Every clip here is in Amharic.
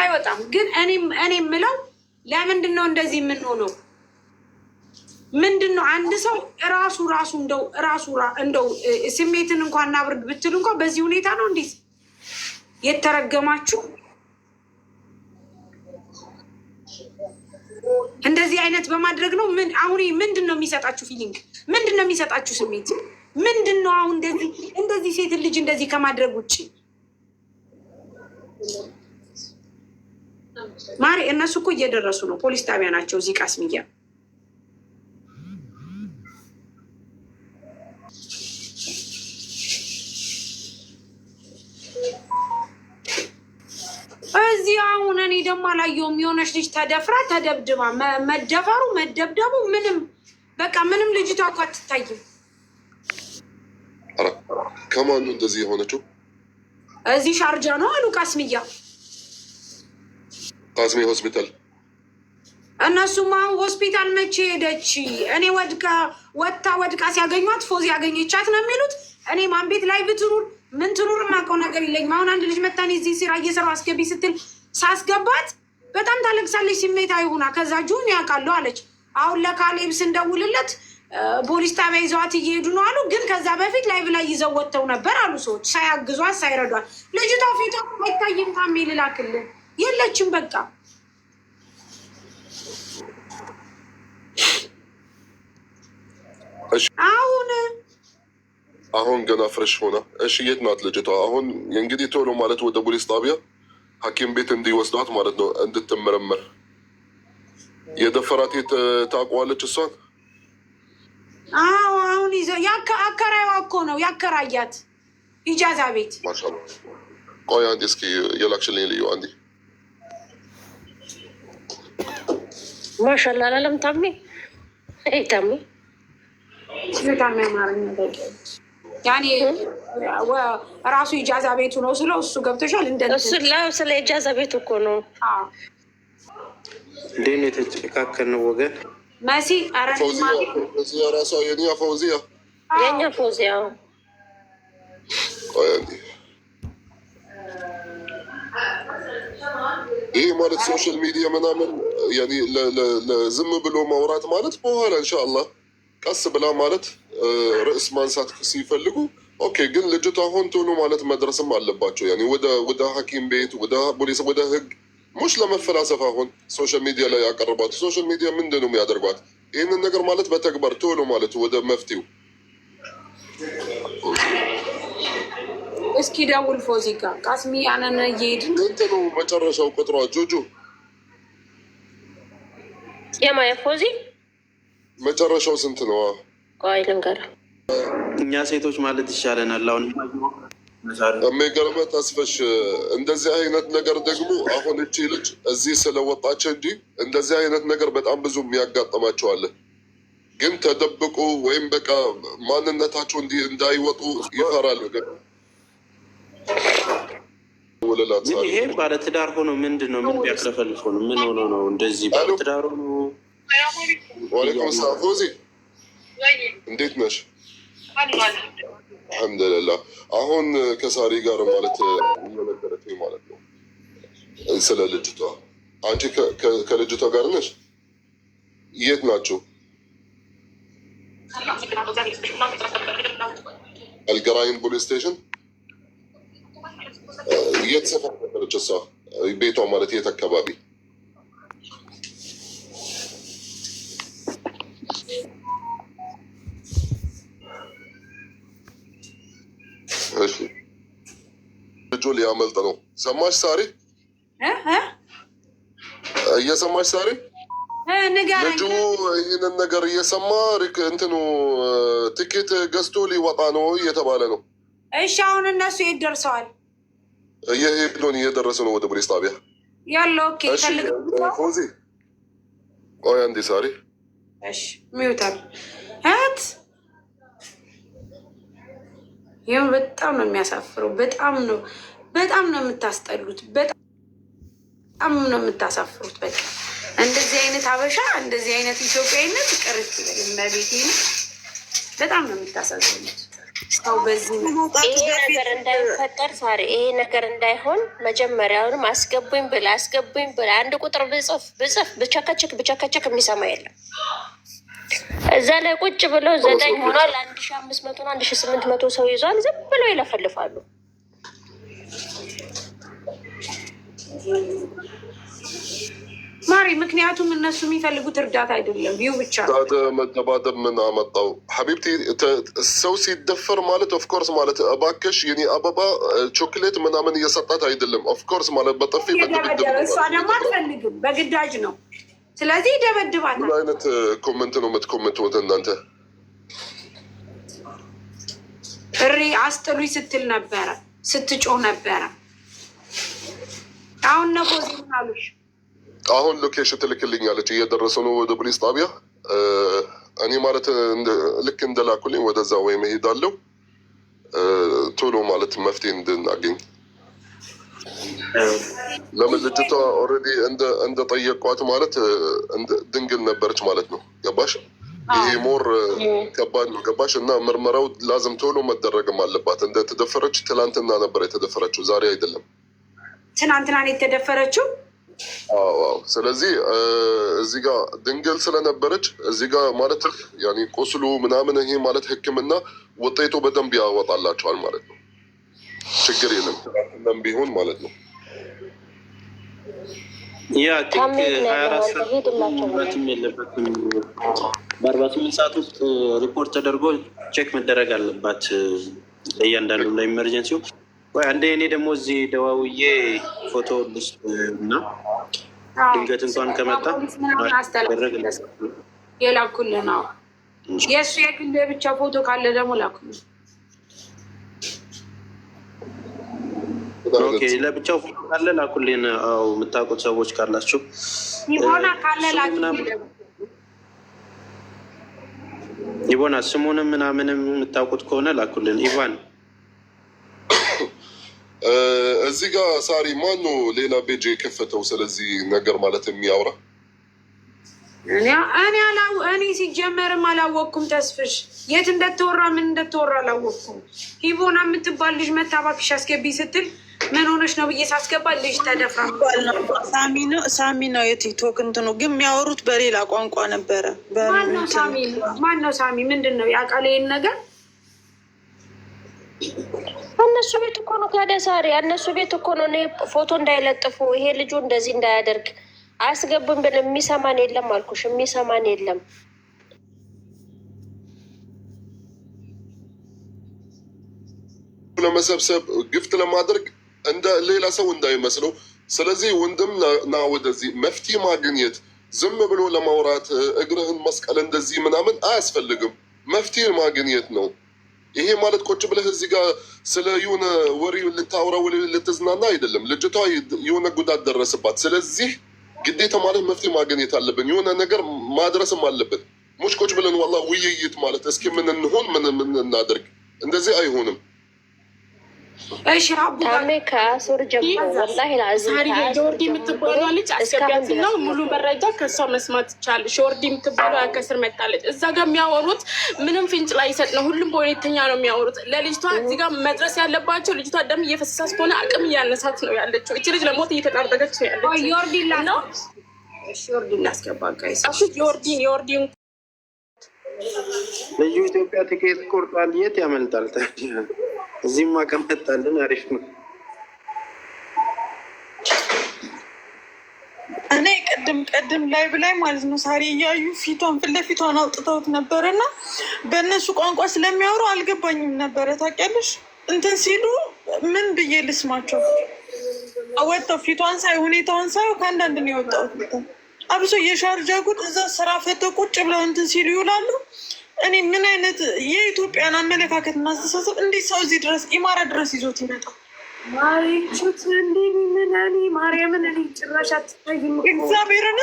አይወጣም። ግን እኔ የምለው ለምንድን ነው እንደዚህ የምንሆነው? ምንድን ነው አንድ ሰው ራሱ ራሱ እንደው ራሱ እንደው ስሜትን እንኳን እናብርድ ብትል እንኳ በዚህ ሁኔታ ነው እንዴት የተረገማችሁ? እንደዚህ አይነት በማድረግ ነው። ምን አሁን ምንድን ነው የሚሰጣችሁ ፊሊንግ? ምንድን ነው የሚሰጣችሁ ስሜት? ምንድን ነው አሁን እንደዚህ እንደዚህ ሴትን ልጅ እንደዚህ ከማድረግ ውጭ ማሪ እነሱ እኮ እየደረሱ ነው። ፖሊስ ጣቢያ ናቸው። እዚህ ቃስሚያ እዚህ አሁን እኔ ደግሞ አላየሁም። የሆነች ልጅ ተደፍራ ተደብድባ መደፈሩ መደብደቡ ምንም በቃ ምንም ልጅቷ እኮ አትታይም። ከማኑ እንደዚህ የሆነችው እዚህ ሻርጃ ነው አሉ ቃስሚያ ቃስሚ ሆስፒታል። እነሱማ ሆስፒታል መቼ ሄደች? እኔ ወድቃ ወታ ወድቃ ሲያገኟት ፎዚ ያገኘቻት ነው የሚሉት። እኔ ማን ቤት ላይ ብትኑር ምን ትኑር የማውቀው ነገር የለኝም። አሁን አንድ ልጅ መታኔ እዚህ ስራ እየሰራው አስገቢ ስትል ሳስገባት በጣም ታለቅሳለች፣ ስሜት አይሆና ከዛ ጁን ያውቃለሁ አለች። አሁን ለካሌብ ስንደውልለት ፖሊስ ጣቢያ ይዘዋት እየሄዱ ነው አሉ። ግን ከዛ በፊት ላይ ብላ ይዘው ወጥተው ነበር አሉ ሰዎች ሳያግዟት ሳይረዷት። ልጅቷ ፊቷ አይታይም። ታሜ ልላክልን የለችም። በቃ አሁን አሁን ገና ፍሬሽ ሆና እሺ፣ የት ናት ልጅቷ? አሁን እንግዲህ ቶሎ ማለት ወደ ፖሊስ ጣቢያ ሐኪም ቤት እንዲወስዷት ማለት ነው እንድትመረመር። የደፈራት ታውቀዋለች እሷን አዎ አሁን ይዘው አከራይዋ እኮ ነው ያከራያት ኢጃዛ ቤት። ማሻላ ቆይ አንዴ እስኪ የላክሽልኝ ልዩ አንዴ ማሻላ አላለም ታሜ ታሜ በጣም ያማረኝ ያኔ ራሱ ኢጃዛ ቤቱ ነው ስለው እሱ ገብቶሻል። እንደሱ ስለ ኢጃዛ ቤቱ እኮ ነው እንዴ ነው ወገን መሲ ራሷ የኛ ፈውዚያ የኛ ፈውዚያ ይህ ማለት ሶሻል ሚዲያ ምናምን ለዝም ብሎ ማውራት ማለት በኋላ እንሻላ ቀስ ብላ ማለት ርዕስ ማንሳት ሲፈልጉ ኦኬ። ግን ልጅቷ አሁን ቶሎ ማለት መድረስም አለባቸው ወደ ሐኪም ቤት ወደ ህግ ሙሽ ለመፈላሰፍ አሁን ሶሻል ሚዲያ ላይ ያቀርባት ሶሻል ሚዲያ ምንድን ነው የሚያደርጓት? ይህንን ነገር ማለት በተግባር ቶሎ ማለት ወደ መፍትሄው እስኪ ደውል ፎዚጋ ቃስሚ ያነነ እየሄድን ነው መጨረሻው ቁጥሯ ጆጆ የማየ ፎዚ መጨረሻው ስንት ነው? ቆይ ልንገር። እኛ ሴቶች ማለት ይሻለናል አሁን የሚገርመ አስበሽ እንደዚህ አይነት ነገር ደግሞ አሁን እቺ ልጅ እዚህ ስለወጣች እንጂ እንደዚህ አይነት ነገር በጣም ብዙ የሚያጋጥማቸዋለን። ግን ተደብቁ ወይም በቃ ማንነታቸው እንዲህ እንዳይወጡ ይፈራሉ። ይሄ ባለትዳር ሆኖ ምንድን ነው? ምን ቢያክለፈልፍ ነው? ምን ሆኖ ነው እንደዚህ ባለትዳር ሆኖ? ዋሌኩም ሰላም ፎዚ፣ እንዴት ነሽ? አልሐምዱሊላህ አሁን ከሳሪ ጋር ማለት እየነገረችኝ ማለት ነው ስለ ልጅቷ። አንቺ ከልጅቷ ጋር ነሽ? የት ናቸው? አልገራይን ፖሊስ ስቴሽን። የት ሰፈር ነበረች እሷ? ቤቷ ማለት የት አካባቢ? ልጁ ሊያመልጥ ነው። ሰማሽ ሳሪ? እየሰማሽ ሳሪ? ልጁ ይህንን ነገር እየሰማ እንትኑ ትኬት ገዝቶ ሊወጣ ነው እየተባለ ነው። እሺ አሁን እነሱ የት ደርሰዋል? የሄብሎን እየደረሱ ነው ወደ ፖሊስ ጣቢያ ያለው። ኦኬ ቆይ አንዴ ሳሪ ሚውታል ይህም በጣም ነው የሚያሳፍረው። በጣም ነው በጣም ነው የምታስጠሉት። በጣም ነው የምታሳፍሩት። በቃ እንደዚህ አይነት ሀበሻ እንደዚህ አይነት ኢትዮጵያዊነት ቅርት መቤት በጣም ነው የምታሳዝኑት። ይሄ ነገር እንዳይፈጠር ነገር እንዳይሆን መጀመሪያውንም አስገቡኝ ብላ አስገቡኝ ብላ አንድ ቁጥር ብጽፍ ብጽፍ ብቸከችክ ብቸከችክ የሚሰማ የለም። እዛ ላይ ቁጭ ብለው ዘጠኝ ሆኗል። አንድ ሺ አምስት መቶ አንድ ሺ ስምንት መቶ ሰው ይዟል። ዝም ብለው ይለፈልፋሉ። ማሪ ምክንያቱም እነሱ የሚፈልጉት እርዳታ አይደለም፣ ቪው ብቻ መደባደብ ምን አመጣው? ሀቢብቲ ሰው ሲደፈር ማለት ኦፍኮርስ ማለት እባክሽ የኔ አበባ ቾክሌት ምናምን እየሰጣት አይደለም። ኦፍኮርስ ማለት በጥፊ እሷ ደግሞ አትፈልግም፣ በግዳጅ ነው ስለዚህ ይደበድባታል። ምን አይነት ኮመንት ነው የምትኮመንት ወደ እናንተ እሪ አስጥሉኝ ስትል ነበረ፣ ስትጮህ ነበረ። አሁን ነጎዝ ምናሉሽ? አሁን ሎኬሽን ትልክልኛለች፣ እየደረሰ ነው ወደ ፖሊስ ጣቢያ። እኔ ማለት ልክ እንደላኩልኝ ወደዛ ወይም እሄዳለሁ ቶሎ ማለት መፍትሄ እንድናገኝ ለምን ልጅቷ ኦልሬዲ እንደጠየቋት ማለት ድንግል ነበረች ማለት ነው። ገባሽ? ይሄ ሞር ከባድ ነው። ገባሽ? እና ምርመራው ላዝም ቶሎ መደረግም አለባት። እንደ ተደፈረች ትላንትና ነበር የተደፈረችው፣ ዛሬ አይደለም። ትናንትና ነው የተደፈረችው። ስለዚህ እዚህ ጋ ድንግል ስለነበረች እዚህ ጋ ማለት ቁስሉ ምናምን ይሄ ማለት ሕክምና ውጤቱ በደንብ ያወጣላቸዋል ማለት ነው። ችግር የለም። ትናንትናም ቢሆን ማለት ነው ያ የለበትም። በአርባ ስምንት ሰዓት ውስጥ ሪፖርት ተደርጎ ቼክ መደረግ አለባት እያንዳንዱ ላይ ኢመርጀንሲው። አንዴ እኔ ደግሞ እዚህ ደዋውዬ ፎቶ ልስጥ እና ድንገት እንኳን ከመጣ የላኩልን የእሱ የግል ብቻ ፎቶ ካለ ደግሞ ላኩልን። ለብቻው ፎቶ ካለ ላኩልን። አዎ የምታውቁት ሰዎች ካላችሁ ይቦና ስሙንም ምናምንም የምታውቁት ከሆነ ላኩልን። ኢቫን እዚህ ጋር ሳሪ ማን ነው ሌላ ቤጅ የከፈተው? ስለዚህ ነገር ማለት የሚያወራ እኔ ሲጀመርም አላወቅኩም። ተስፍሽ የት እንደተወራ ምን እንደተወራ አላወቅኩም። ሂቦና የምትባል ልጅ መታባክሽ አስገቢ ስትል ምን ሆነች ነው ብዬ ሳስገባ ልጅ ተደፍራ ሳሚ ነው ሳሚ ነው የቲክቶክ እንትኑ ግን የሚያወሩት በሌላ ቋንቋ ነበረ። ማን ነው ሳሚ? ምንድን ነው የአቃላይን ነገር እነሱ ቤት እኮ ነው ታዲያ። ሳሪ እነሱ ቤት እኮ ነው። እኔ ፎቶ እንዳይለጥፉ ይሄ ልጁ እንደዚህ እንዳያደርግ አያስገቡም ብለን የሚሰማን የለም አልኩሽ፣ የሚሰማን የለም። ለመሰብሰብ ግፍት ለማድረግ እንደ ሌላ ሰው እንዳይመስለው። ስለዚህ ወንድም ና ወደዚህ መፍትሄ ማግኘት ዝም ብሎ ለማውራት እግርህን መስቀል እንደዚህ ምናምን አያስፈልግም። መፍትሄ ማግኘት ነው። ይሄ ማለት ቁጭ ብለህ እዚህ ጋር ስለ የሆነ ወሬ ልታውራ ወ ልትዝናና አይደለም። ልጅቷ የሆነ ጉዳት ደረስባት ስለዚህ ግዴታ ማለት መፍትሄ ማግኘት አለብን። የሆነ ነገር ማድረስም አለብን። ሙሽ ቁጭ ብለን ዋላ ውይይት ማለት እስኪ ምን እንሆን ምን ምን እናደርግ እንደዚህ አይሆንም። ታሜ ከአስር ጀምሮ ወላሂ የምትባለው ልጅ አስገቢያት ነው። ሙሉ መረጃ ከእሷ መስማት ይቻላል። ሾርዲ የምትባለው ከስር መጣለች። እዛ ጋር የሚያወሩት ምንም ፍንጭ ላይ ይሰጥ ነው። ሁሉም በሁለተኛ ነው የሚያወሩት። ለልጅቷ እዚህ ጋር መድረስ ያለባቸው ልጅቷ ደም እየፈሰሳት ከሆነ አቅም እያነሳት ነው ያለችው። እቺ ልጅ ለሞት እየተጣረገች ነው ያለችው። ዮርዲ ላስገባ ዮርዲን ዮርዲን ልዩ ኢትዮጵያ ትኬት ቆርጣል። የት ያመልጣል? እዚህም ከመጣልን አሪፍ ነው። እኔ ቅድም ቅድም ላይ ብላይ ማለት ነው ሳሪ እያዩ ፊቷን ፊት ለፊቷን አውጥተውት ነበር እና በእነሱ ቋንቋ ስለሚያወሩ አልገባኝም ነበረ። ታውቂያለሽ እንትን ሲሉ ምን ብዬ ልስማቸው? ወጥተው ፊቷን ሳይ ሁኔታውን ሳይ ከአንዳንድ ነው የወጣሁት አብሶ የሻርጃ ጉድ እዛ ስራ ፈተው ቁጭ ብለው እንትን ሲሉ ይውላሉ። እኔ ምን አይነት የኢትዮጵያን አመለካከት ማስተሳሰብ እንዴት ሰው እዚህ ድረስ ኢማራ ድረስ ይዞት ይመጣል? ማሪቹት እንዴ ምናኒ ማርያምን እኔ ጭራሽ አትታይም። እግዚአብሔርን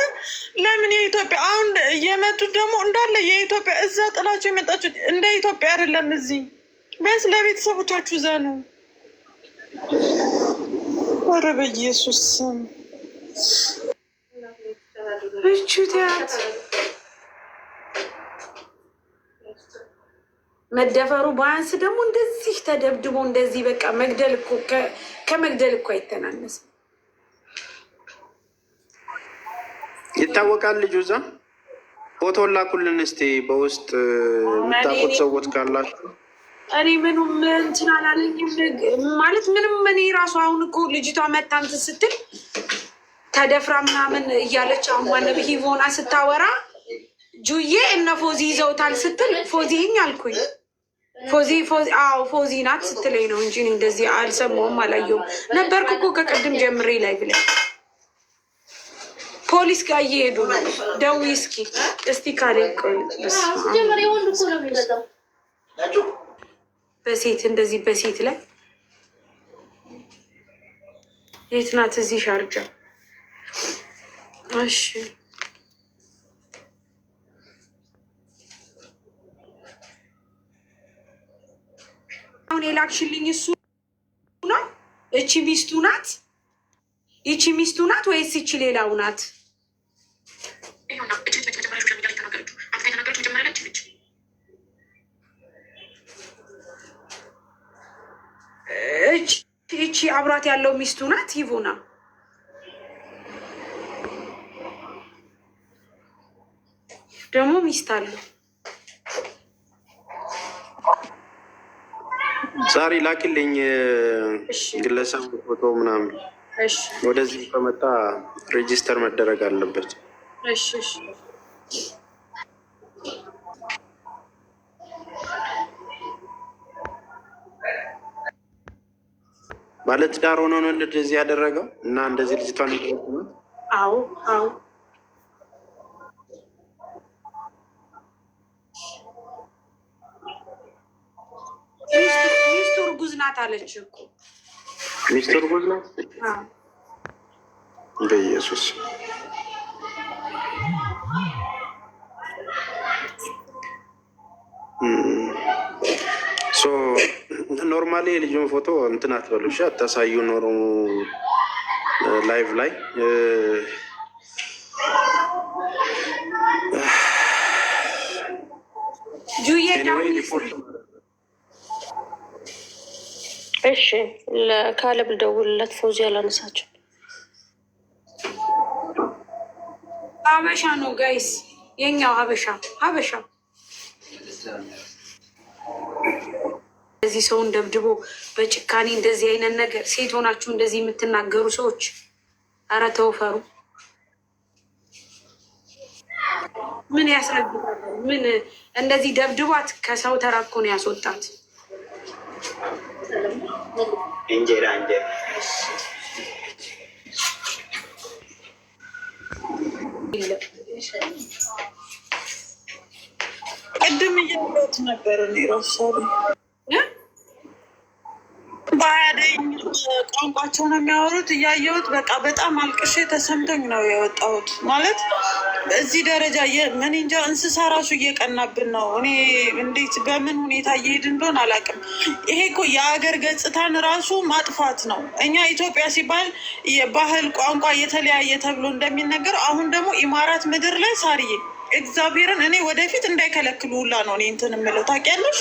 ለምን የኢትዮጵያ አሁን የመጡት ደግሞ እንዳለ የኢትዮጵያ እዛ ጥላቸው የመጣችሁት እንደ ኢትዮጵያ አይደለም። እዚህ በስ ለቤተሰቦቻችሁ እዛ ነው። ኧረ በኢየሱስ ስም እቹ መደፈሩ በአንስ ደግሞ እንደዚህ ተደብድቦ እንደዚህ በቃ መግደል እኮ ከመግደል እኮ አይተናነስም። ይታወቃል። ልጁ እዛ ፎቶ ላኩልን እስቲ በውስጥ የምታውቁት ሰዎች ካላችሁ። እኔ ምንም እንትን አላለኝም ማለት ምንም እኔ ራሱ አሁን እኮ ልጅቷ መታ እንትን ስትል ተደፍራ ምናምን እያለች አሁን ማነብህ ሆና ስታወራ ጁዬ እነ ፎዚ ይዘውታል ስትል ፎዚህኝ አልኩኝ። ፎዚ አዎ ፎዚ ናት ስትለኝ ነው እንጂ እንደዚህ አልሰማውም አላየውም። ነበርኩ እኮ ከቅድም ጀምሬ ላይ ብለ ፖሊስ ጋር እየሄዱ ነው። ደዊ እስኪ እስቲ ካለ በሴት እንደዚህ በሴት ላይ የት ናት? እዚህ ሻርጃ እሺ አሁን የላክሽልኝ እሱ ነው። እቺ ሚስቱ ናት። ይቺ ሚስቱ ናት ወይስ ይቺ ሌላው ናት? እቺ አብራት ያለው ሚስቱ ናት ይቡና ደግሞ ሚስት አለው። ዛሬ ላክልኝ ግለሰብ ፎቶ ምናምን ወደዚህ ከመጣ ሬጂስተር መደረግ አለበት። ባለትዳር ሆኖ ነው እንደዚህ ያደረገው እና እንደዚህ ልጅቷን አዎ አዎ ሚስቱ እርጉዝ ናት አለች እኮ። ሚስቱ እርጉዝ ናት በኢየሱስ ኖርማሊ የልጁን ፎቶ እንትን አትበሉ አታሳዩ። ኖሮ ላይቭ ላይ ጁዬ እሺ ለካለብ ልደውልለት። ፈውዚ ያላነሳቸው ሀበሻ ነው ጋይስ፣ የኛው ሀበሻ ሀበሻ እዚህ ሰውን ደብድቦ በጭካኔ እንደዚህ አይነት ነገር ሴት ሆናችሁ እንደዚህ የምትናገሩ ሰዎች ኧረ ተውፈሩ ምን ያስረግጣል? ምን እንደዚህ ደብድቧት ከሰው ተራኮን ነው ያስወጣት። እንጀራ እንጀራ ቅድም እያለት ነበር እኔ አያደኝ ቋንቋቸው ነው የሚያወሩት። እያየሁት በቃ በጣም አልቅሼ ተሰምቶኝ ነው የወጣሁት። ማለት እዚህ ደረጃ ምን እንጃ እንስሳ ራሱ እየቀናብን ነው። እኔ እንዴት በምን ሁኔታ እየሄድ እንደሆን አላውቅም። ይሄ እኮ የሀገር ገጽታን ራሱ ማጥፋት ነው። እኛ ኢትዮጵያ ሲባል የባህል ቋንቋ የተለያየ ተብሎ እንደሚነገረው አሁን ደግሞ ኢማራት ምድር ላይ ሳርዬ እግዚአብሔርን እኔ ወደፊት እንዳይከለክሉ ሁላ ነው እኔ እንትን የምለው ታውቂያለሽ።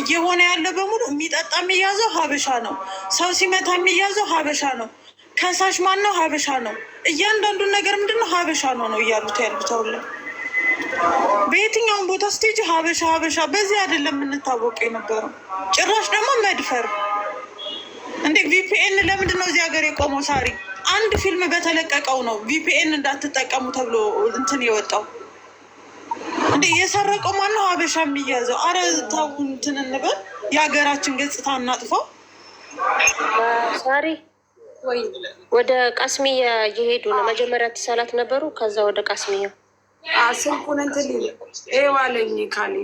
እየሆነ ያለ በሙሉ የሚጠጣ የሚያዘው ሀበሻ ነው። ሰው ሲመታ የሚያዘው ሀበሻ ነው። ከሳሽ ማን ነው? ሀበሻ ነው። እያንዳንዱን ነገር ምንድነው ሀበሻ ነው ነው እያሉት ያሉተውለ በየትኛውን ቦታ ስቴጅ ሀበሻ ሀበሻ። በዚህ አይደለም የምንታወቀ የነበረው። ጭራሽ ደግሞ መድፈር እንዴ! ቪፒኤን ለምንድን ነው እዚህ ሀገር የቆመው? ሳሪ አንድ ፊልም በተለቀቀው ነው ቪፒኤን እንዳትጠቀሙ ተብሎ እንትን የወጣው። እንደ የሰረቀው ማን ነው ሀበሻ የሚያዘው? አረ ተው እንትን እንበል፣ የሀገራችን ገጽታ እናጥፈው። ሳሪ ወደ ቃስሚያ እየሄዱ ነው። መጀመሪያ ትሰላት ነበሩ፣ ከዛ ወደ ቃስሚያ ስልኩን እንትን ዋለኝ ካሌ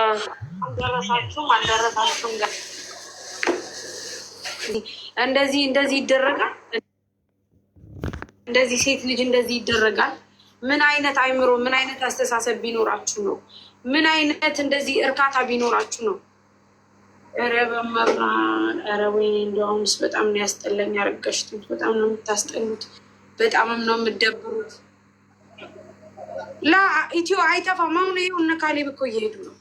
አልደረሳችሁም፣ አልደረሳችሁም እንደዚህ እንደዚህ ይደረጋል። እንደዚህ ሴት ልጅ እንደዚህ ይደረጋል። ምን አይነት አይምሮ፣ ምን አይነት አስተሳሰብ ቢኖራችሁ ነው? ምን አይነት እንደዚህ እርካታ ቢኖራችሁ ነው? ኧረ በመብራን ኧረ ወይኔ፣ እንደው በጣም ነው ያስጠላኝ። ያረገሽትት በጣም ነው የምታስጠሉት፣ በጣምም ነው የምደብሩት። ላ ኢትዮ አይጠፋም። አሁን ይኸው እነ ካሌብ እኮ እየሄዱ ነው።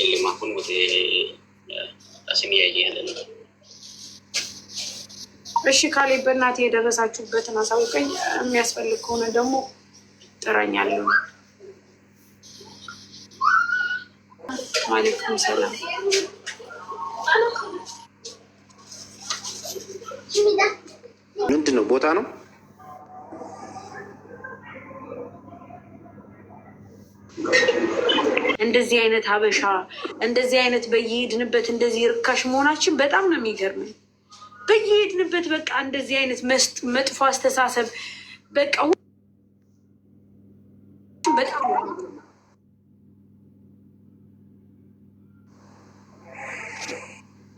የለም አሁን ወደ ጣስም እያየ ያለ ነው እሺ ካሌ በእናቴ የደረሳችሁበትን አሳውቀኝ። የሚያስፈልግ ከሆነ ደግሞ ጥረኛለሁ። ማሌኩም ሰላም። ምንድን ነው ቦታ ነው? እንደዚህ አይነት ሀበሻ እንደዚህ አይነት በየሄድንበት እንደዚህ ርካሽ መሆናችን በጣም ነው የሚገርመኝ። እየሄድንበት በቃ እንደዚህ አይነት መጥፎ አስተሳሰብ በቃ በጣም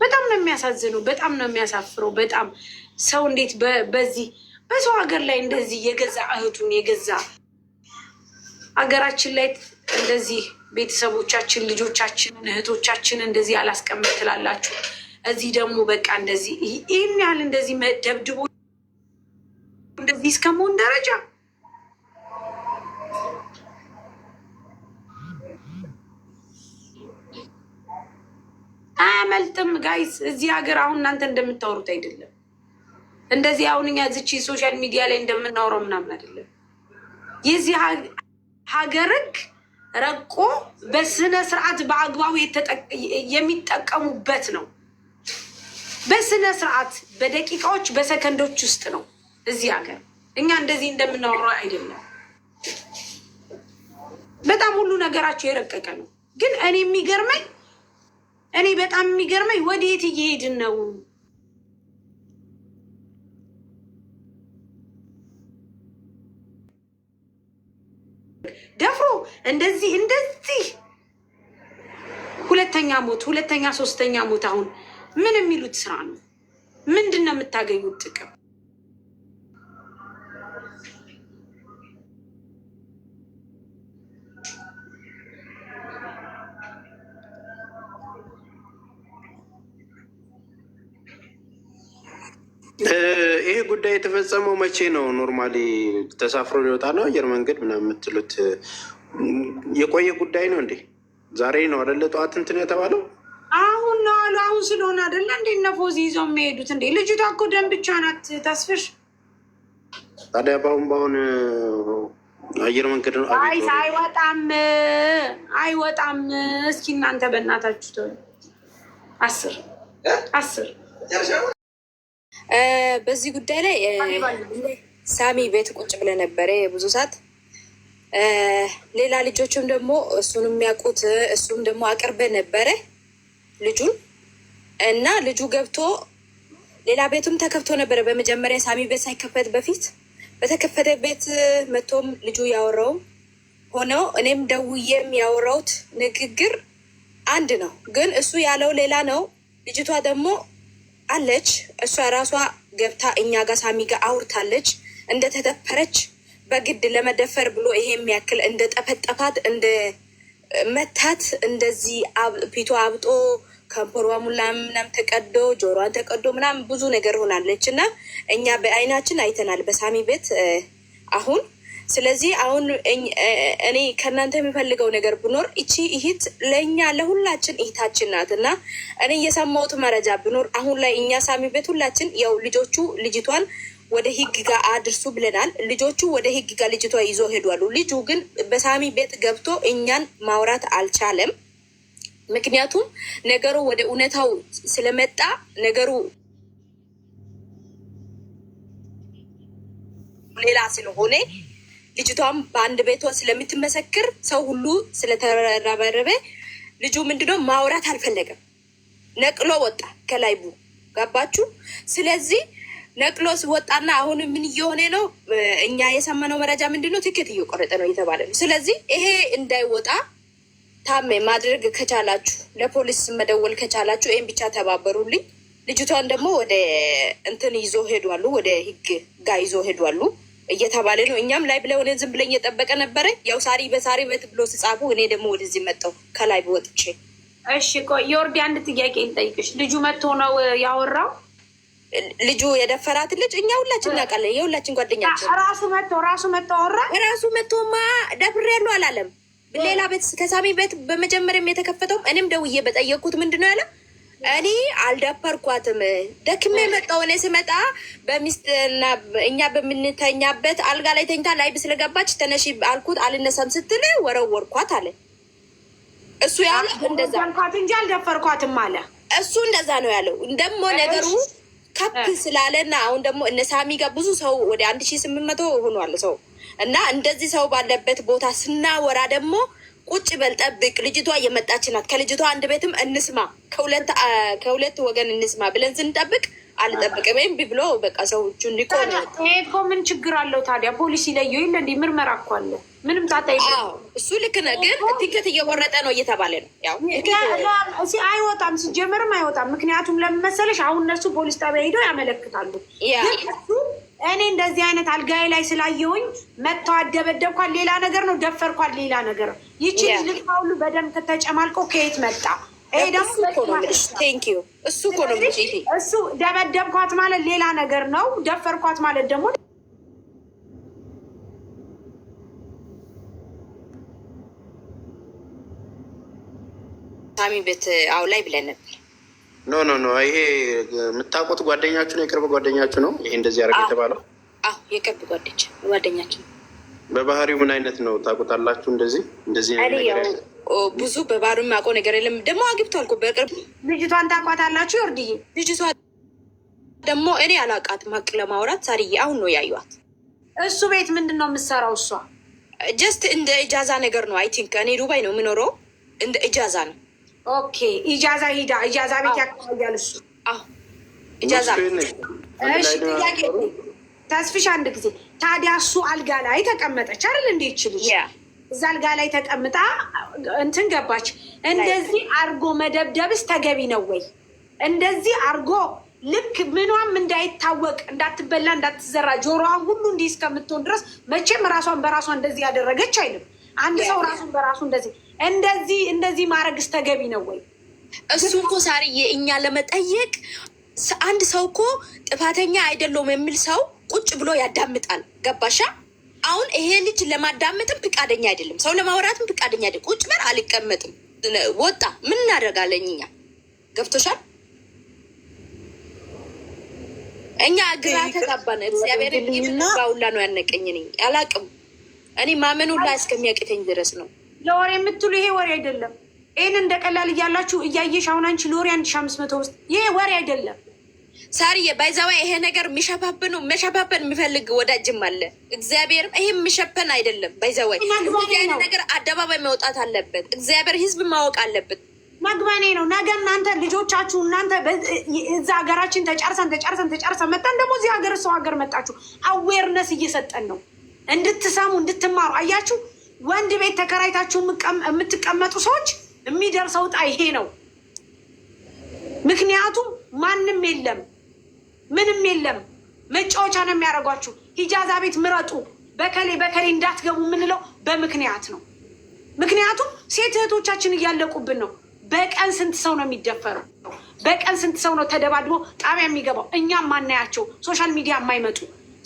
በጣም ነው የሚያሳዝነው። በጣም ነው የሚያሳፍረው። በጣም ሰው እንዴት በዚህ በሰው ሀገር ላይ እንደዚህ የገዛ እህቱን የገዛ ሀገራችን ላይ እንደዚህ ቤተሰቦቻችን ልጆቻችንን እህቶቻችን እንደዚህ አላስቀምጥ ትላላችሁ። እዚህ ደግሞ በቃ እንደዚህ ይህን ያህል እንደዚህ ደብድቦ እንደዚህ እስከመሆን ደረጃ አያመልጥም ጋይስ። እዚህ ሀገር አሁን እናንተ እንደምታወሩት አይደለም። እንደዚህ አሁን እኛ ዝቺ ሶሻል ሚዲያ ላይ እንደምናወራው ምናምን አይደለም። የዚህ ሀገር ህግ ረቆ በስነ ስርዓት በአግባቡ የሚጠቀሙበት ነው። በስነ ስርዓት በደቂቃዎች በሰከንዶች ውስጥ ነው። እዚህ ሀገር እኛ እንደዚህ እንደምናወራው አይደለም። በጣም ሁሉ ነገራቸው የረቀቀ ነው። ግን እኔ የሚገርመኝ እኔ በጣም የሚገርመኝ ወዴት እየሄድን ነው? ደፍሮ እንደዚህ እንደዚህ ሁለተኛ ሞት፣ ሁለተኛ ሶስተኛ ሞት አሁን ምን የሚሉት ስራ ነው? ምንድን ነው የምታገኙት ጥቅም? ይሄ ጉዳይ የተፈጸመው መቼ ነው? ኖርማሊ ተሳፍሮ ሊወጣ ነው አየር መንገድ ምናምን የምትሉት የቆየ ጉዳይ ነው እንዴ? ዛሬ ነው አደለ ጠዋት እንትን የተባለው? በዓሉ አሁን ስለሆነ አይደለ እንዴ እነ ፎዚ ይዘው የሚሄዱት? እንዴ ልጅቷ እኮ ደም ብቻ ናት። ታስፍሽ ታዲያ በአሁን በአሁን አየር መንገድ ነው። አይ አይወጣም፣ አይወጣም። እስኪ እናንተ በእናታችሁ ተው። አስር አስር በዚህ ጉዳይ ላይ ሳሚ ቤት ቁጭ ብለ ነበረ ብዙ ሰዓት። ሌላ ልጆችም ደግሞ እሱን የሚያውቁት እሱም ደግሞ አቅርበ ነበረ ልጁን እና ልጁ ገብቶ ሌላ ቤቱም ተከፍቶ ነበረ። በመጀመሪያ ሳሚ ቤት ሳይከፈት በፊት በተከፈተ ቤት መቶም ልጁ ያወራው ሆነው እኔም ደውዬም ያወራውት ንግግር አንድ ነው፣ ግን እሱ ያለው ሌላ ነው። ልጅቷ ደግሞ አለች እሷ ራሷ ገብታ እኛ ጋር ሳሚ ጋር አውርታለች እንደተደፈረች በግድ ለመደፈር ብሎ ይሄ የሚያክል እንደ ጠፈጠፋት እንደ መታት እንደዚህ ፊቷ አብጦ ከንፖርዋ ሙላ ምናምን ተቀዶ ጆሮዋን ተቀዶ ምናምን ብዙ ነገር ሆናለች እና እኛ በአይናችን አይተናል በሳሚ ቤት አሁን ስለዚህ አሁን እኔ ከእናንተ የሚፈልገው ነገር ብኖር እቺ እህት ለእኛ ለሁላችን እህታችን ናት እና እኔ የሰማሁት መረጃ ብኖር አሁን ላይ እኛ ሳሚ ቤት ሁላችን ያው ልጆቹ ልጅቷን ወደ ህግ ጋር አድርሱ ብለናል። ልጆቹ ወደ ህግ ጋር ልጅቷ ይዞ ሄዷሉ። ልጁ ግን በሳሚ ቤት ገብቶ እኛን ማውራት አልቻለም። ምክንያቱም ነገሩ ወደ እውነታው ስለመጣ ነገሩ ሌላ ስለሆነ ልጅቷም በአንድ ቤቷ ስለምትመሰክር ሰው ሁሉ ስለተረባረበ ልጁ ምንድነው ማውራት አልፈለገም። ነቅሎ ወጣ ቡ ጋባችሁ። ስለዚህ ነቅሎ ወጣና አሁን ምን እየሆነ ነው? እኛ የሰማነው መረጃ ምንድነው? ትኬት እየቆረጠ ነው እየተባለ ነው። ስለዚህ ይሄ እንዳይወጣ ታሜ ማድረግ ከቻላችሁ ለፖሊስ መደወል ከቻላችሁ ይህን ብቻ ተባበሩልኝ። ልጅቷን ደግሞ ወደ እንትን ይዞ ሄዷሉ፣ ወደ ህግ ጋር ይዞ ሄዷሉ እየተባለ ነው። እኛም ላይ ብለሆነ ዝም ብለኝ እየጠበቀ ነበረ። ያው ሳሪ በሳሪ በት ብሎ ሲጻፉ እኔ ደግሞ ወደዚህ መጣሁ ከላይ ብወጥቼ። እሺ ቆይ የወርዲ አንድ ጥያቄ ልጠይቅሽ። ልጁ መጥቶ ነው ያወራው? ልጁ የደፈራት ልጅ እኛ ሁላችን እናውቃለን። የሁላችን ጓደኛችን ራሱ መጥቶ ራሱ መጥቶ አወራ። ራሱ መጥቶማ ደፍሬ ያሉ አላለም ሌላ ቤት ከሳሚ ቤት በመጀመሪያም የተከፈተው እኔም ደውዬ በጠየቅኩት ምንድን ነው ያለ እኔ አልደፈርኳትም። ደክሜ የመጣው እኔ ስመጣ በሚስትና እኛ በምንተኛበት አልጋ ላይ ተኝታ ላይብ ስለገባች ተነሺ አልኩት። አልነሳም ስትል ወረወርኳት አለ እሱ ያለ እንደዛ እንጂ አልደፈርኳትም አለ እሱ። እንደዛ ነው ያለው። ደግሞ ነገሩ ከፍ ስላለና አሁን ደግሞ እነ ሳሚ ጋር ብዙ ሰው ወደ አንድ ሺ ስምንት መቶ ሆኗል ሰው እና እንደዚህ ሰው ባለበት ቦታ ስናወራ ደግሞ ቁጭ በል ጠብቅ፣ ልጅቷ እየመጣች ናት፣ ከልጅቷ አንድ ቤትም እንስማ፣ ከሁለት ወገን እንስማ ብለን ስንጠብቅ አልጠብቅም ወይም ብሎ በቃ ሰዎቹ እንዲቆም እኮ ምን ችግር አለው ታዲያ? ፖሊሲ ለየው ይለ እንዲ ምርመራ እኮ አለ። ምንም ጣጣ እሱ ልክ ነህ፣ ግን ትኬት እየቆረጠ ነው እየተባለ ነው። አይወጣም፣ ሲጀመርም አይወጣም። ምክንያቱም ለምን መሰለሽ? አሁን እነሱ ፖሊስ ጣቢያ ሄደው ያመለክታሉ። ግን እሱ እኔ እንደዚህ አይነት አልጋዬ ላይ ስላየውኝ መጥተው አደበደብኳል፣ ሌላ ነገር ነው። ደፈርኳል፣ ሌላ ነገር ነው። ይቺ ልጅ ሁሉ በደንብ ከተጨማልቀው ከየት መጣ? ይሄ ደግሞ እሱ እሱ ደበደብኳት ማለት ሌላ ነገር ነው። ደፈርኳት ማለት ደግሞ ሳሚ ቤት አው ላይ ብለን ነበር ኖ ኖ ኖ ይሄ የምታውቁት ጓደኛችሁ ነው፣ የቅርብ ጓደኛችሁ ነው። ይሄ እንደዚህ ያደረገ የተባለው የቅርብ ጓደኛችን በባህሪው ምን አይነት ነው ታውቁታላችሁ? እንደዚህ እንደዚህ ብዙ በባህሪው የማውቀው ነገር የለም። ደግሞ አግብቶ አልኩ በቅርብ ልጅቷን ታውቋታላችሁ? እርድዬ ልጅቷ ደግሞ እኔ አላውቃትም። ሀቅ ለማውራት ሳርዬ አሁን ነው ያዩዋት። እሱ ቤት ምንድን ነው የምትሰራው? እሷ ጀስት እንደ እጃዛ ነገር ነው አይ ቲንክ እኔ ዱባይ ነው የምኖረው። እንደ እጃዛ ነው ኦኬ ኢጃዛ ሂዳ ኢጃዛ ቤት ያካያል እሱ ኢጃዛ እሺ ጥያቄ ተስፍሽ አንድ ጊዜ ታዲያ እሱ አልጋ ላይ ተቀመጠች አይደል እንዴ ይችልች እዛ አልጋ ላይ ተቀምጣ እንትን ገባች እንደዚህ አርጎ መደብደብስ ተገቢ ነው ወይ እንደዚህ አርጎ ልክ ምኗም እንዳይታወቅ እንዳትበላ እንዳትዘራ ጆሮዋን ሁሉ እንዲህ እስከምትሆን ድረስ መቼም ራሷን በራሷ እንደዚህ ያደረገች አይልም አንድ ሰው ራሱን በራሱ እንደዚህ እንደዚህ እንደዚህ ማድረግስ ተገቢ ነው ወይ? እሱ እኮ ሳርዬ እኛ ለመጠየቅ አንድ ሰው እኮ ጥፋተኛ አይደለውም የሚል ሰው ቁጭ ብሎ ያዳምጣል። ገባሻ? አሁን ይሄ ልጅ ለማዳመጥም ፍቃደኛ አይደለም፣ ሰው ለማውራትም ፍቃደኛ አይደለም። ቁጭ በር አልቀመጥም፣ ወጣ ምን እናደርጋለን እኛ። ገብቶሻል? እኛ ግራ ተጋባን። እግዚአብሔር ሁላ ነው ያነቀኝን አላቅም እኔ ማመን ሁላ እስከሚያቅተኝ ድረስ ነው ለወሬ የምትሉ ይሄ ወሬ አይደለም። ይህን እንደ ቀላል እያላችሁ እያየሽ አሁን አንቺ ሎሪ አንድ ሺህ አምስት መቶ ውስጥ ይሄ ወሬ አይደለም። ሳርዬ ባይዛዋ ይሄ ነገር የሚሸፋብኑ መሸፋፈን የሚፈልግ ወዳጅም አለ። እግዚአብሔር ይሄ የሚሸፈን አይደለም። ባይዛዋ ነገር አደባባይ መውጣት አለበት። እግዚአብሔር ህዝብ ማወቅ አለበት። መግባኔ ነው። ነገ እናንተ ልጆቻችሁ እናንተ እዛ ሀገራችን ተጨርሰን ተጨርሰን ተጨርሰን መጣን ደግሞ እዚህ ሀገር ሰው ሀገር መጣችሁ። አዌርነስ እየሰጠን ነው እንድትሰሙ እንድትማሩ አያችሁ ወንድ ቤት ተከራይታችሁ የምትቀመጡ ሰዎች የሚደርሰው ዕጣ ይሄ ነው። ምክንያቱም ማንም የለም፣ ምንም የለም። መጫወቻ ነው የሚያደርጓችሁ። ሂጃዛ ቤት ምረጡ፣ በከሌ በከሌ እንዳትገቡ የምንለው በምክንያት ነው። ምክንያቱም ሴት እህቶቻችን እያለቁብን ነው። በቀን ስንት ሰው ነው የሚደፈረው? በቀን ስንት ሰው ነው ተደባድቦ ጣቢያ የሚገባው? እኛም ማናያቸው ሶሻል ሚዲያ የማይመጡ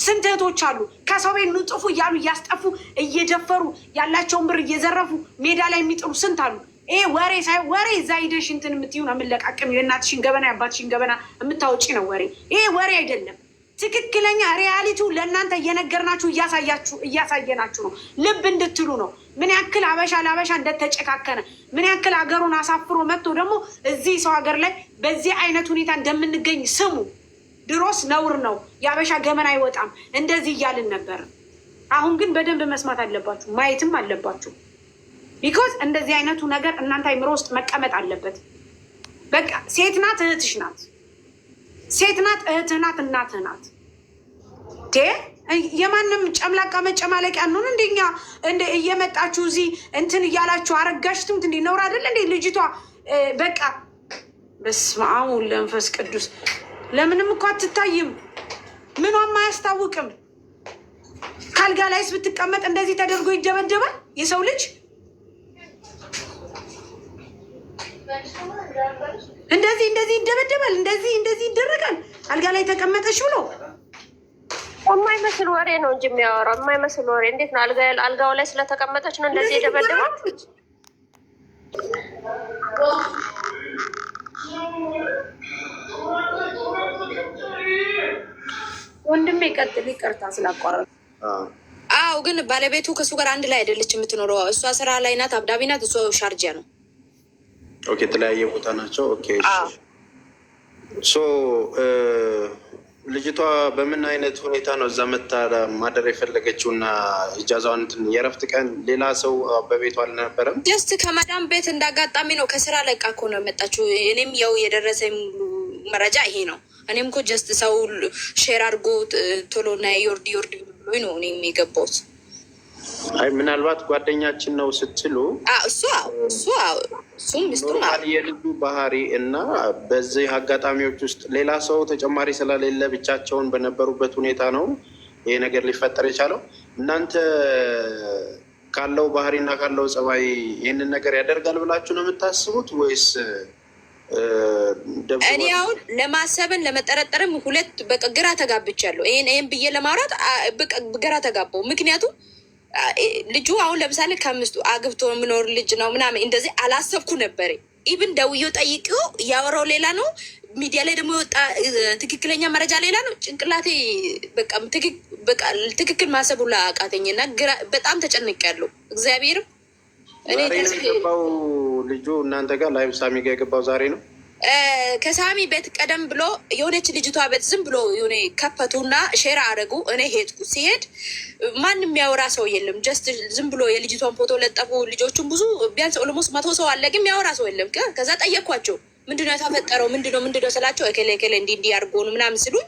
ስንት እህቶች አሉ ከሰው ቤት ንጥፉ እያሉ እያስጠፉ እየደፈሩ ያላቸውን ብር እየዘረፉ ሜዳ ላይ የሚጥሩ ስንት አሉ። ይሄ ወሬ ሳይ ወሬ እዛ ሂደሽ እንትን የምትይውን የምለቃቅም የእናትሽን ገበና የአባትሽን ገበና የምታወጪ ነው ወሬ። ይሄ ወሬ አይደለም። ትክክለኛ ሪያሊቲው ለእናንተ እየነገርናችሁ እያሳያችሁ እያሳየናችሁ ነው። ልብ እንድትሉ ነው። ምን ያክል አበሻ ለአበሻ እንደተጨካከነ ምን ያክል ሀገሩን አሳፍሮ መጥቶ ደግሞ እዚህ ሰው ሀገር ላይ በዚህ አይነት ሁኔታ እንደምንገኝ ስሙ። ድሮስ ነውር ነው፣ የአበሻ ገመን አይወጣም እንደዚህ እያልን ነበር። አሁን ግን በደንብ መስማት አለባችሁ፣ ማየትም አለባችሁ። ቢኮዝ እንደዚህ አይነቱ ነገር እናንተ አይምሮ ውስጥ መቀመጥ አለበት። በቃ ሴት ናት፣ እህትሽ ናት። ሴት ናት፣ እህትህ ናት፣ እናትህ ናት። የማንም ጨምላቃ መጨማለቂያ ያንሆን እንደኛ እንደ እየመጣችሁ እዚህ እንትን እያላችሁ አረጋሽ ትምት እንደ ነውር አይደለ እንዴ? ልጅቷ በቃ በስመ አብ ወመንፈስ ቅዱስ ለምንም እኮ አትታይም፣ ምኗም አያስታውቅም። ካልጋ ላይስ ብትቀመጥ እንደዚህ ተደርጎ ይጀበጀባል የሰው ልጅ እንደዚህ እንደዚህ ይደበደባል። እንደዚህ እንደዚህ ይደረጋል። አልጋ ላይ ተቀመጠሽ ብሎ የማይመስል ወሬ ነው እንጂ የሚያወራው የማይመስል ወሬ። እንዴት ነው አልጋው ላይ ስለተቀመጠች ነው እንደዚህ ይደበደባል? ወንድሜ ቀጥል። ይቅርታ ስላቋረጥ። አዎ፣ ግን ባለቤቱ ከእሱ ጋር አንድ ላይ አይደለች የምትኖረው። እሷ ስራ ላይ ናት፣ አብዳቢ ናት። እሷ ሻርጃ ነው። ኦኬ፣ የተለያየ ቦታ ናቸው። ኦኬ፣ ሶ ልጅቷ በምን አይነት ሁኔታ ነው እዛ መታ ማደር የፈለገችው? እና እጃዛዋን እንትን ቀን ሌላ ሰው በቤቷ አልነበረም። ጀስት ከመዳም ቤት እንዳጋጣሚ ነው። ከስራ ለቃ እኮ ነው የመጣችው። እኔም ያው የደረሰኝ መረጃ ይሄ ነው። እኔም እኮ ጀስት ሰው ሼር አድርጎ ቶሎ ና ዮርድ ዮርድ ብሎ ነው እኔ የገባሁት። አይ ምናልባት ጓደኛችን ነው ስትሉ እሱ እሱ እሱም ሚስቱም የልጁ ባህሪ እና በዚህ አጋጣሚዎች ውስጥ ሌላ ሰው ተጨማሪ ስለሌለ ብቻቸውን በነበሩበት ሁኔታ ነው ይሄ ነገር ሊፈጠር የቻለው። እናንተ ካለው ባህሪ እና ካለው ጸባይ ይህንን ነገር ያደርጋል ብላችሁ ነው የምታስቡት ወይስ እኔ አሁን ለማሰብን ለመጠረጠርም ሁለት በቃ ግራ ተጋብቻለሁ። ይህን ይህን ብዬ ለማውራት ግራ ተጋባው። ምክንያቱም ልጁ አሁን ለምሳሌ ከምስቱ አግብቶ የምኖር ልጅ ነው ምናምን እንደዚህ አላሰብኩ ነበር። ኢብን ደውዬ ጠይቄው ያወራው ሌላ ነው፣ ሚዲያ ላይ ደግሞ የወጣ ትክክለኛ መረጃ ሌላ ነው። ጭንቅላቴ ትክክል ማሰብ ሁላ አቃተኝና በጣም ተጨንቄያለሁ። እግዚአብሔርም እኔ ልጁ እናንተ ጋር ላይቭ ሳሚ ጋር የገባው ዛሬ ነው። ከሳሚ ቤት ቀደም ብሎ የሆነች ልጅቷ ቤት ዝም ብሎ የሆነ ከፈቱና ሼር አደረጉ። እኔ ሄድኩ። ሲሄድ ማንም የሚያወራ ሰው የለም። ጀስት ዝም ብሎ የልጅቷን ፎቶ ለጠፉ። ልጆቹን ብዙ ቢያንስ ኦልሞስት መቶ ሰው አለ፣ ግን የሚያወራ ሰው የለም። ከዛ ጠየኳቸው ምንድነው የተፈጠረው? ምንድነው ምንድነው ስላቸው እከሌ እከሌ እንዲህ እንዲህ አድርጎ ምናምን ስሉኝ፣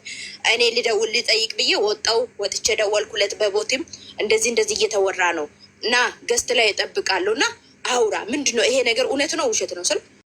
እኔ ልደውል ልጠይቅ ብዬ ወጣው። ወጥቼ ደወልኩለት በቦቲም እንደዚህ እንደዚህ እየተወራ ነው እና ገስት ላይ እጠብቃለሁ እና አውራ ምንድን ነው ይሄ ነገር እውነት ነው ውሸት ነው ስል